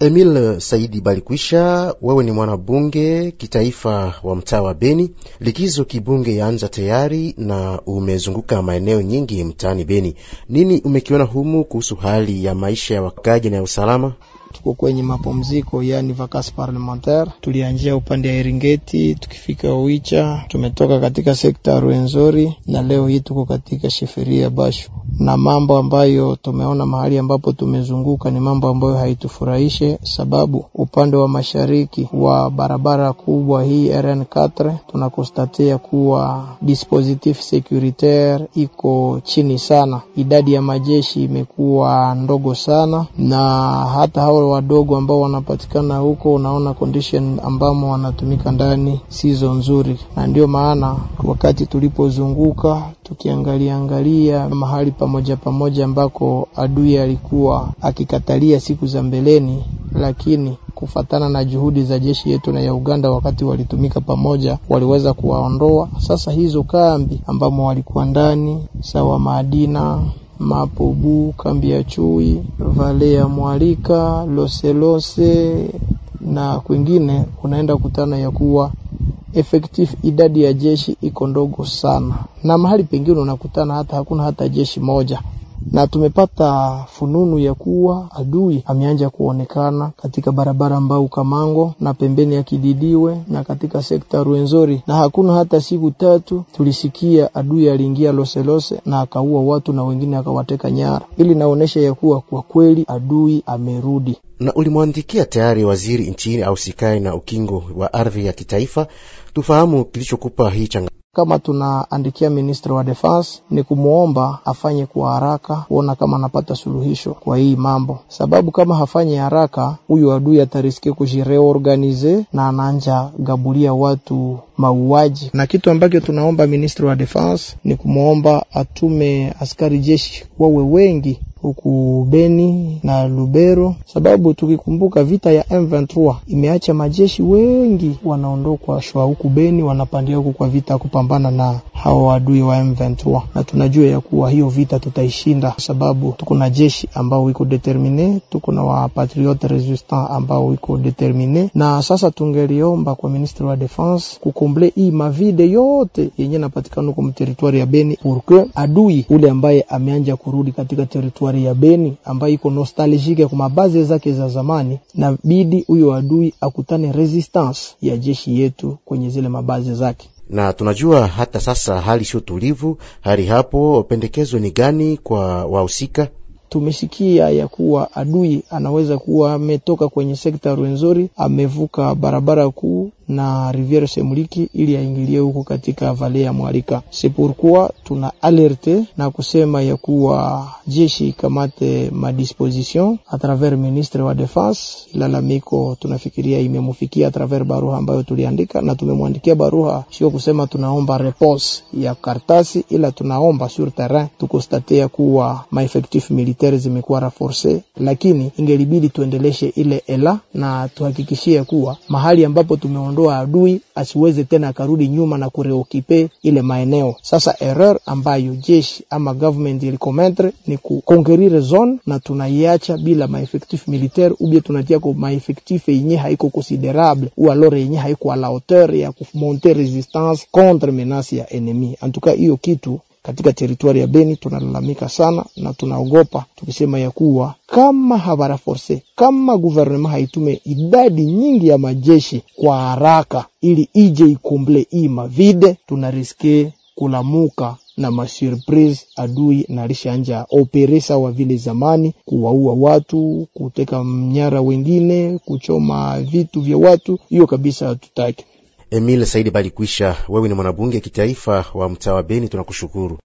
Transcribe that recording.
Emil eh, Saidi Balikwisha, wewe ni mwanabunge kitaifa wa mtaa wa Beni. Likizo kibunge yaanza tayari na umezunguka maeneo nyingi mtaani Beni. Nini umekiona humu kuhusu hali ya maisha ya wakaji na ya usalama? Tuko kwenye mapumziko, yani vacances parlementaire. Tulianjia upande ya Eringeti, tukifika Uicha, tumetoka katika sekta ya Ruenzori na leo hii tuko katika sheferia Bashu na mambo ambayo tumeona mahali ambapo tumezunguka ni mambo ambayo haitufurahishe, sababu upande wa mashariki wa barabara kubwa hii RN 4 tunakostatia kuwa dispositif securitaire iko chini sana, idadi ya majeshi imekuwa ndogo sana, na hata hao wadogo ambao wanapatikana huko, unaona condition ambamo wanatumika ndani sizo nzuri, na ndio maana wakati tulipozunguka angalia mahali pamoja pamoja ambako adui alikuwa akikatalia siku za mbeleni, lakini kufatana na juhudi za jeshi yetu na ya Uganda wakati walitumika pamoja, waliweza kuwaondoa. Sasa hizo kambi ambamo walikuwa ndani, sawa Madina Mapubu, kambi ya Chui, Vale ya Mwalika, Loselose na kwingine, unaenda kutana ya kuwa effective idadi ya jeshi iko ndogo sana, na mahali pengine unakutana hata hakuna hata jeshi moja na tumepata fununu ya kuwa adui ameanza kuonekana katika barabara mbau Kamango na pembeni ya Kididiwe na katika sekta Ruenzori, na hakuna hata siku tatu tulisikia adui aliingia Loselose na akaua watu na wengine akawateka nyara. Ili naonesha ya kuwa kwa kweli adui amerudi na ulimwandikia tayari waziri nchini ausikae na ukingo wa ardhi ya kitaifa. Tufahamu kilichokupa hii changa kama tunaandikia ministri wa defense ni kumwomba afanye kwa haraka kuona kama anapata suluhisho kwa hii mambo, sababu kama hafanyi haraka, huyu adui atariskie kujireorganize na ananja gabulia watu mauaji. Na kitu ambacho tunaomba ministri wa defense ni kumwomba atume askari jeshi wawe wengi huku Beni na Lubero, sababu tukikumbuka vita ya M23 imeacha majeshi wengi wanaondokwa shwa huku Beni wanapandia huku kwa vita kupambana na hao waadui wa M23, na tunajua ya kuwa hiyo vita tutaishinda, kwa sababu tuko na jeshi ambao wiko determine, tuko na wapatriote resistant ambao wiko determine. Na sasa tungeliomba kwa ministre wa defense kukomble hii mavide yote yenye napatikana huko mteritwari ya Beni pourque adui ule ambaye ameanja kurudi katika teritwari ya Beni ambaye iko nostalgique kwa mabazi zake za zamani, na bidi huyo adui akutane resistance ya jeshi yetu kwenye zile mabazi zake na tunajua hata sasa hali sio tulivu. Hali hapo pendekezo ni gani kwa wahusika? Tumesikia ya kuwa adui anaweza kuwa ametoka kwenye sekta Rwenzori, amevuka barabara kuu na Riviere Semuliki ili aingilie huko katika vale ya Mwarika. Sepurkua tuna alerte na kusema ya kuwa jeshi ikamate madisposition a travers ministre wa defense. Lalamiko tunafikiria imemufikia a travers baruha ambayo tuliandika, na tumemwandikia baruha, sio kusema tunaomba reponse ya kartasi, ila tunaomba sur terrain tukostatea kuwa maefektif militaire militaire zimekuwa raforce, lakini ingelibidi tuendeleshe ile ela na tuhakikishie kuwa mahali ambapo tumeondoa adui asiweze tena akarudi nyuma na kureokipe ile maeneo. Sasa erreur ambayo jeshi ama government ilikometre ni kukonkerire zone na tunaiacha bila maefektif militaire ubie tunatia ko maefektif yenye haiko considerable ou alors yenye haiko a la hauteur ya kumonte resistance contre menace ya enemi. cas hiyo kitu katika teritwari ya Beni tunalalamika sana na tunaogopa tukisema ya kuwa kama force kama guvernema haitume idadi nyingi ya majeshi kwa haraka, ili ije ikumble hii mavide, tunariske kulamuka na masurprise adui na lishanja operesa wa vile zamani, kuwaua watu, kuteka mnyara wengine, kuchoma vitu vya watu. Hiyo kabisa hatutaki. Emile Saidi Balikwisha, wewe ni mwanabunge kitaifa wa mtaa wa Beni, tunakushukuru.